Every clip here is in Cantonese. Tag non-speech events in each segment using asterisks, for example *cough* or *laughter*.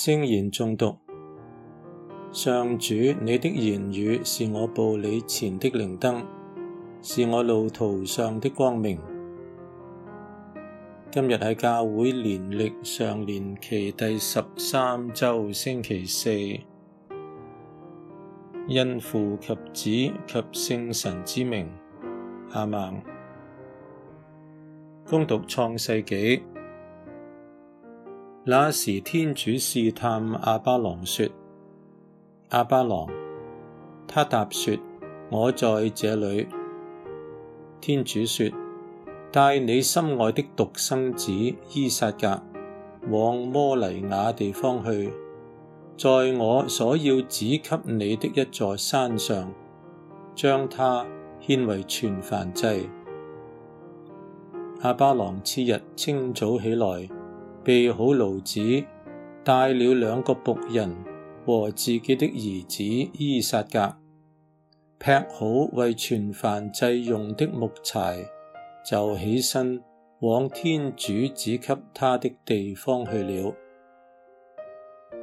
聖言誦讀，上主，你的言語是我步履前的靈燈，是我路途上的光明。今日係教會年曆常年期第十三周星期四，因父及子及聖神之名，阿門。恭讀創世紀。那時天主試探亞巴郎說：亞巴郎，他答說：我在這裏。天主說：帶你心愛的獨生子依撒格往摩黎雅地方去，在我所要指給你的一座山上，將他獻為全燔祭。亞巴郎次日清早起來。備好驢子，帶了兩個僕人和自己的兒子依撒格，劈好為全燔祭用的木柴，就起身往天主指給他的地方去了。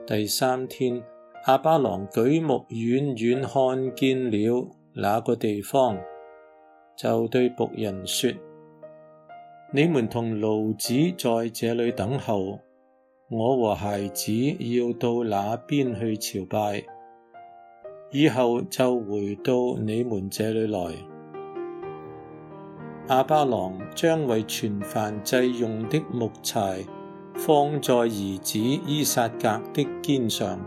第三天，亞巴郎舉目遠遠看見了那個地方，就對僕人說。你們同驢子在這裏等候，我和孩子要到那邊去朝拜，以後就回到你們這裏來。亞巴郎將為全燔祭用的木柴，放在兒子依撒格的肩上，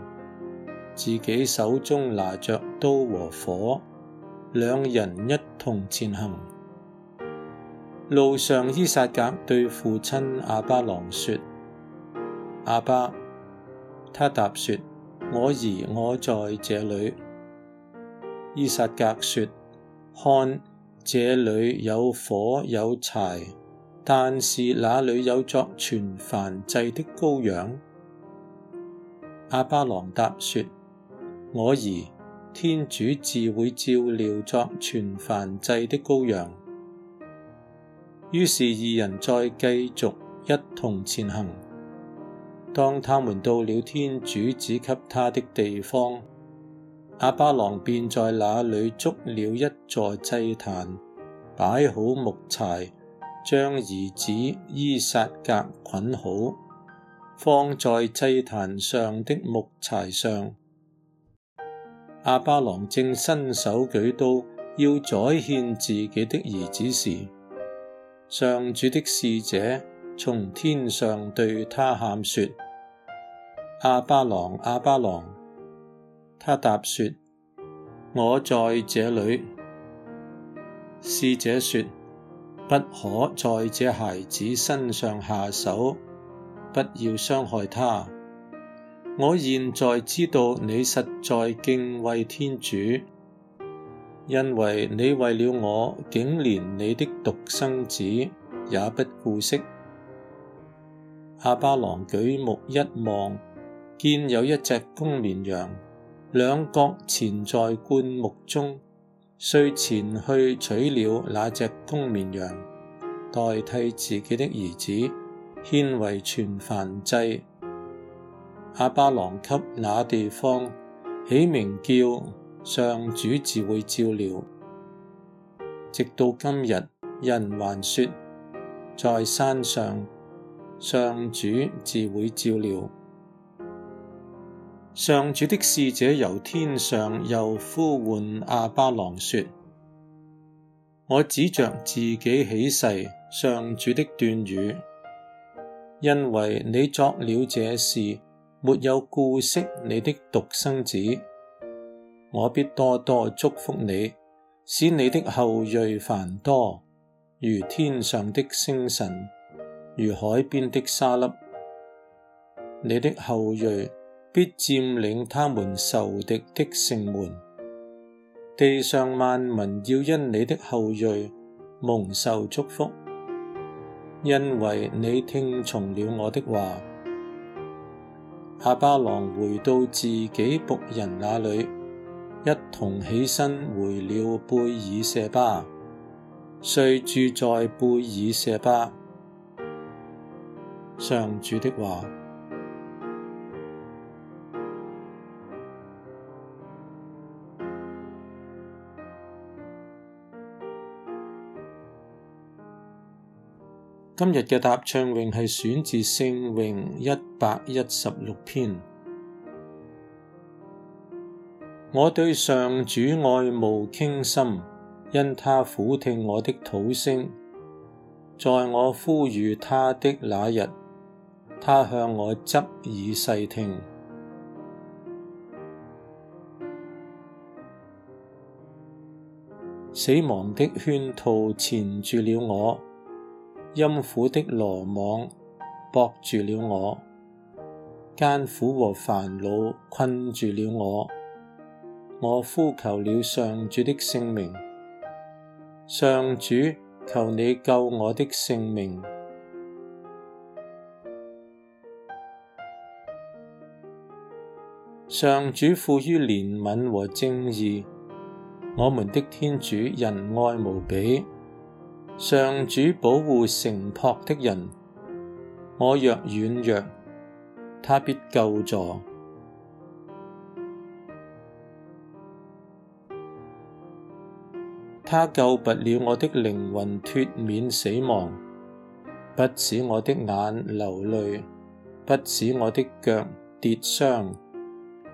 自己手中拿着刀和火，兩人一同前行。路上，依撒格對父親亞巴郎說：「阿爸，他答說：我兒，我在這裡。依撒格說：看，這裡有火有柴，但是那裡有作全燔祭的羔羊？亞巴郎答說：我兒，天主自會照料作全燔祭的羔羊。於是二人再繼續一同前行。當他們到了天主指給他的地方，亞巴郎便在那裡築了一座祭壇，擺好木柴，將兒子依撒格捆好，放在祭壇上的木柴上。亞巴郎正伸手舉刀要宰獻自己的兒子時，上主的使者從天上對他喊說：亞巴郎，亞巴郎。他答說：我在這裏。使者說：不可在這孩子身上下手，不要傷害他。我現在知道你實在敬畏天主。因為你為了我，竟連你的獨生子也不顧惜。亞巴郎舉目一望，見有一隻公綿羊，兩角纏在灌木中，遂前去取了那隻公綿羊，代替自己的兒子，獻為全燔祭。亞巴郎給那地方起名叫，上主自會照料，直到今日，人還說在山上，上主自會照料。上主的使者由天上又呼喚亞巴郎說：我指着自己起誓，上主的斷語，因為你作了這事，沒有顧惜你的獨生子。我必多多祝福你，使你的後裔繁多，如天上的星辰，如海邊的沙粒。你的後裔必佔領他們仇敵的城門，地上萬民要因你的後裔蒙受祝福，因為你聽從了我的話。亞巴郎回到自己僕人那裏。一同起身回了貝爾舍巴，遂住在貝爾舍巴。上主的話：今日嘅答唱詠係選自聖詠一百一十六篇。我對上主愛慕傾心，因他俯聽我的禱聲，在我呼籲他的那日，他向我側耳細聽。死亡的圈套纏住了我，陰府的羅網縛住了我，艱苦和煩惱困住了我。我呼求了上主的聖名。上主，求你救我的性命。上主富於憐憫和正義，我們的天主仁愛無比。上主保護誠樸的人，我若軟弱，他必救助。他救拔了我的靈魂，脫免死亡；不使我的眼流淚，不使我的腳跌傷。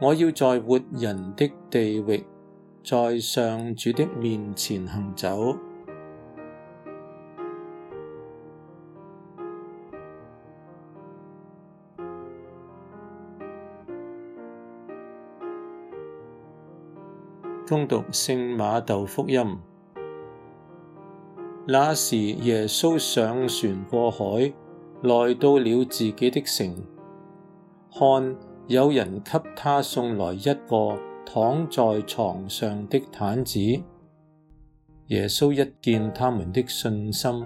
我要在活人的地域，在上主的面前行走。恭 *music* 讀聖馬竇福音。那時耶穌上船過海，來到了自己的城，看，有人給他送來一個躺在床上的癱子。耶穌一見他們的信心，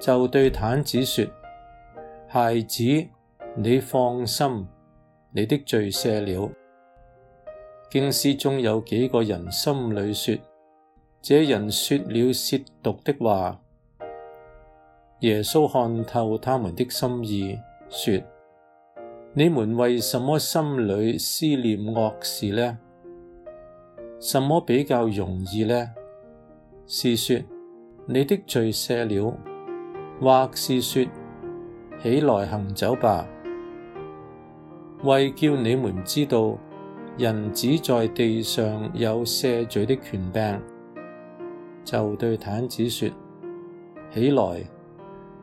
就對癱子說：孩子，你放心，你的罪赦了。經師中有幾個人心裡說。這人說了褻瀆的話，耶穌看透他們的心意，說：你們為什麼心裡思念惡事呢？什麼比較容易呢？是說你的罪赦了，或是說起來行走吧？為叫你們知道，人子在地上有赦罪的權柄。就對癱子說：起來，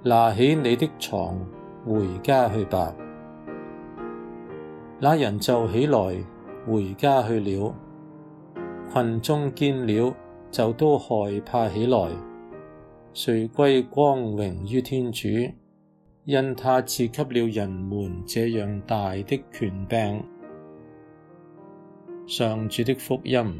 拿起你的床，回家去吧。那人就起來，回家去了。群眾見了，就都害怕起來。遂歸光榮於天主，因他賜給了人們這樣大的權柄。上主的福音。